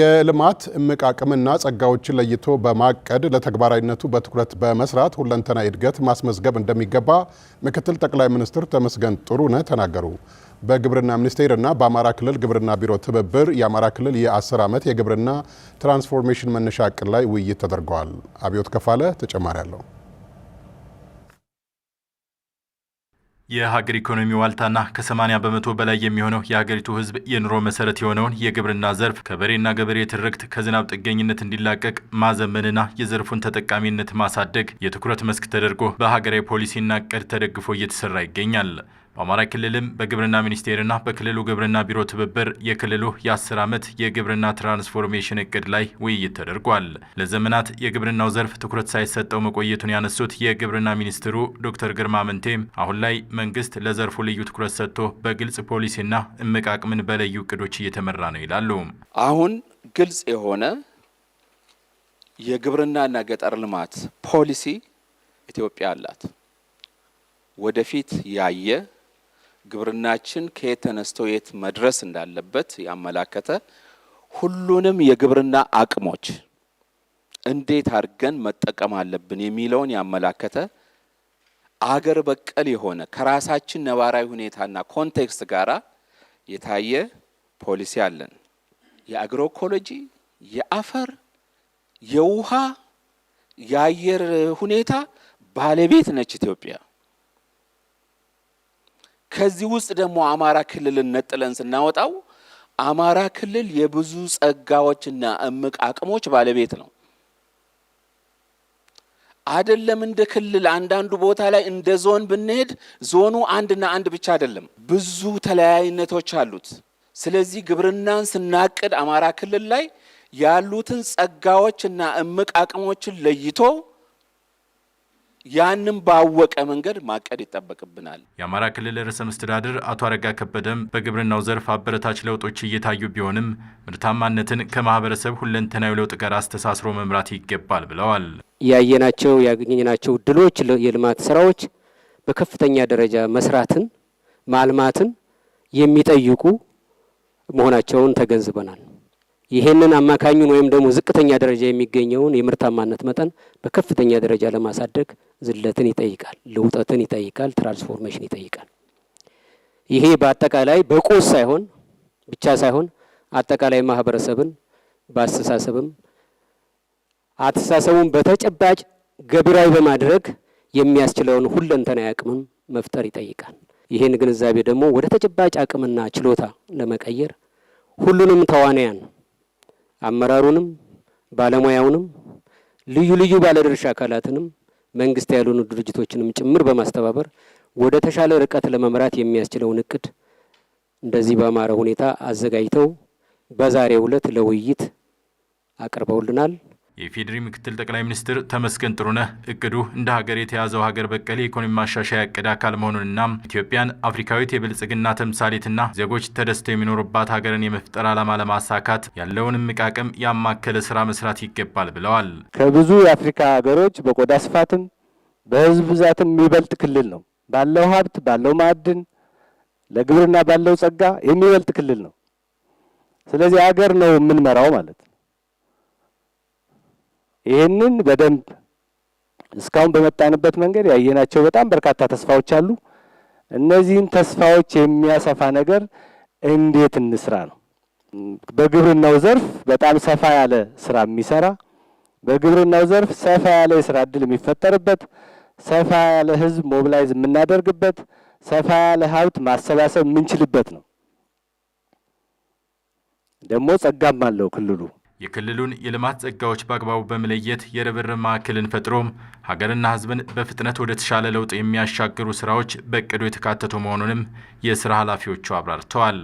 የልማት እምቅ አቅምና ጸጋዎችን ለይቶ በማቀድ ለተግባራዊነቱ በትኩረት በመስራት ሁለንተና እድገት ማስመዝገብ እንደሚገባ ምክትል ጠቅላይ ሚኒስትር ተመስገን ጥሩነህ ተናገሩ። በግብርና ሚኒስቴርና በአማራ ክልል ግብርና ቢሮ ትብብር የአማራ ክልል የ10 ዓመት የግብርና ትራንስፎርሜሽን መነሻ ዕቅድ ላይ ውይይት ተደርገዋል። አብዮት ከፋለ ተጨማሪ አለው። የሀገር ኢኮኖሚ ዋልታና ከ80 በመቶ በላይ የሚሆነው የሀገሪቱ ህዝብ የኑሮ መሰረት የሆነውን የግብርና ዘርፍ ከበሬና ገበሬ ትርክት ከዝናብ ጥገኝነት እንዲላቀቅ ማዘመንና የዘርፉን ተጠቃሚነት ማሳደግ የትኩረት መስክ ተደርጎ በሀገራዊ ፖሊሲና እቅድ ተደግፎ እየተሰራ ይገኛል። በአማራ ክልልም በግብርና ሚኒስቴርና በክልሉ ግብርና ቢሮ ትብብር የክልሉ የ10 ዓመት የግብርና ትራንስፎርሜሽን እቅድ ላይ ውይይት ተደርጓል። ለዘመናት የግብርናው ዘርፍ ትኩረት ሳይሰጠው መቆየቱን ያነሱት የግብርና ሚኒስትሩ ዶክተር ግርማ መንቴም አሁን ላይ መንግስት ለዘርፉ ልዩ ትኩረት ሰጥቶ በግልጽ ፖሊሲና እምቅ አቅምን በለዩ እቅዶች እየተመራ ነው ይላሉ። አሁን ግልጽ የሆነ የግብርናና ገጠር ልማት ፖሊሲ ኢትዮጵያ አላት። ወደፊት ያየ ግብርናችን ከየት ተነስቶ የት መድረስ እንዳለበት ያመላከተ ሁሉንም የግብርና አቅሞች እንዴት አድርገን መጠቀም አለብን የሚለውን ያመላከተ አገር በቀል የሆነ ከራሳችን ነባራዊ ሁኔታና ኮንቴክስት ጋር የታየ ፖሊሲ አለን። የአግሮ ኢኮሎጂ፣ የአፈር፣ የውሃ፣ የአየር ሁኔታ ባለቤት ነች ኢትዮጵያ። ከዚህ ውስጥ ደግሞ አማራ ክልልን ነጥለን ስናወጣው አማራ ክልል የብዙ ጸጋዎችና እምቅ አቅሞች ባለቤት ነው። አይደለም እንደ ክልል አንዳንዱ ቦታ ላይ እንደ ዞን ብንሄድ ዞኑ አንድና አንድ ብቻ አይደለም፣ ብዙ ተለያይነቶች አሉት። ስለዚህ ግብርናን ስናቅድ አማራ ክልል ላይ ያሉትን ጸጋዎችና እምቅ አቅሞችን ለይቶ ያንም ባወቀ መንገድ ማቀድ ይጠበቅብናል። የአማራ ክልል ርዕሰ መስተዳድር አቶ አረጋ ከበደም በግብርናው ዘርፍ አበረታች ለውጦች እየታዩ ቢሆንም ምርታማነትን ከማህበረሰብ ሁለንተናዊ ለውጥ ጋር አስተሳስሮ መምራት ይገባል ብለዋል። ያየናቸው ያገኘናቸው ድሎች፣ የልማት ስራዎች በከፍተኛ ደረጃ መስራትን ማልማትን የሚጠይቁ መሆናቸውን ተገንዝበናል። ይሄንን አማካኙን ወይም ደግሞ ዝቅተኛ ደረጃ የሚገኘውን የምርታማነት መጠን በከፍተኛ ደረጃ ለማሳደግ ዝለትን ይጠይቃል፣ ልውጠትን ይጠይቃል፣ ትራንስፎርሜሽን ይጠይቃል። ይሄ በአጠቃላይ በቁስ ሳይሆን ብቻ ሳይሆን አጠቃላይ ማህበረሰብን በአስተሳሰብም አስተሳሰቡን በተጨባጭ ገቢራዊ በማድረግ የሚያስችለውን ሁለንተናዊ አቅምም መፍጠር ይጠይቃል። ይህን ግንዛቤ ደግሞ ወደ ተጨባጭ አቅምና ችሎታ ለመቀየር ሁሉንም ተዋንያን አመራሩንም ባለሙያውንም ልዩ ልዩ ባለድርሻ አካላትንም መንግስት ያልሆኑ ድርጅቶችንም ጭምር በማስተባበር ወደ ተሻለ ርቀት ለመምራት የሚያስችለውን እቅድ እንደዚህ በአማረ ሁኔታ አዘጋጅተው በዛሬው ዕለት ለውይይት አቅርበውልናል። የፌዴሪ ምክትል ጠቅላይ ሚኒስትር ተመስገን ጥሩነህ እቅዱ እንደ ሀገር የተያዘው ሀገር በቀል የኢኮኖሚ ማሻሻያ እቅድ አካል መሆኑንና ኢትዮጵያን አፍሪካዊት የብልጽግና ተምሳሌትና ዜጎች ተደስተው የሚኖሩባት ሀገርን የመፍጠር ዓላማ ለማሳካት ያለውን እምቅ አቅም ያማከለ ስራ መስራት ይገባል ብለዋል። ከብዙ የአፍሪካ ሀገሮች በቆዳ ስፋትም በህዝብ ብዛትም የሚበልጥ ክልል ነው። ባለው ሀብት፣ ባለው ማዕድን፣ ለግብርና ባለው ጸጋ የሚበልጥ ክልል ነው። ስለዚህ ሀገር ነው የምንመራው ማለት ነው። ይህንን በደንብ እስካሁን በመጣንበት መንገድ ያየናቸው በጣም በርካታ ተስፋዎች አሉ። እነዚህን ተስፋዎች የሚያሰፋ ነገር እንዴት እንስራ ነው። በግብርናው ዘርፍ በጣም ሰፋ ያለ ስራ የሚሰራ በግብርናው ዘርፍ ሰፋ ያለ የስራ እድል የሚፈጠርበት ሰፋ ያለ ህዝብ ሞቢላይዝ የምናደርግበት ሰፋ ያለ ሀብት ማሰባሰብ የምንችልበት ነው። ደግሞ ጸጋም አለው ክልሉ የክልሉን የልማት ጸጋዎች በአግባቡ በመለየት የርብርብ ማዕከልን ፈጥሮ ሀገርና ሕዝብን በፍጥነት ወደ ተሻለ ለውጥ የሚያሻግሩ ስራዎች በእቅዱ የተካተቱ መሆኑንም የስራ ኃላፊዎቹ አብራርተዋል።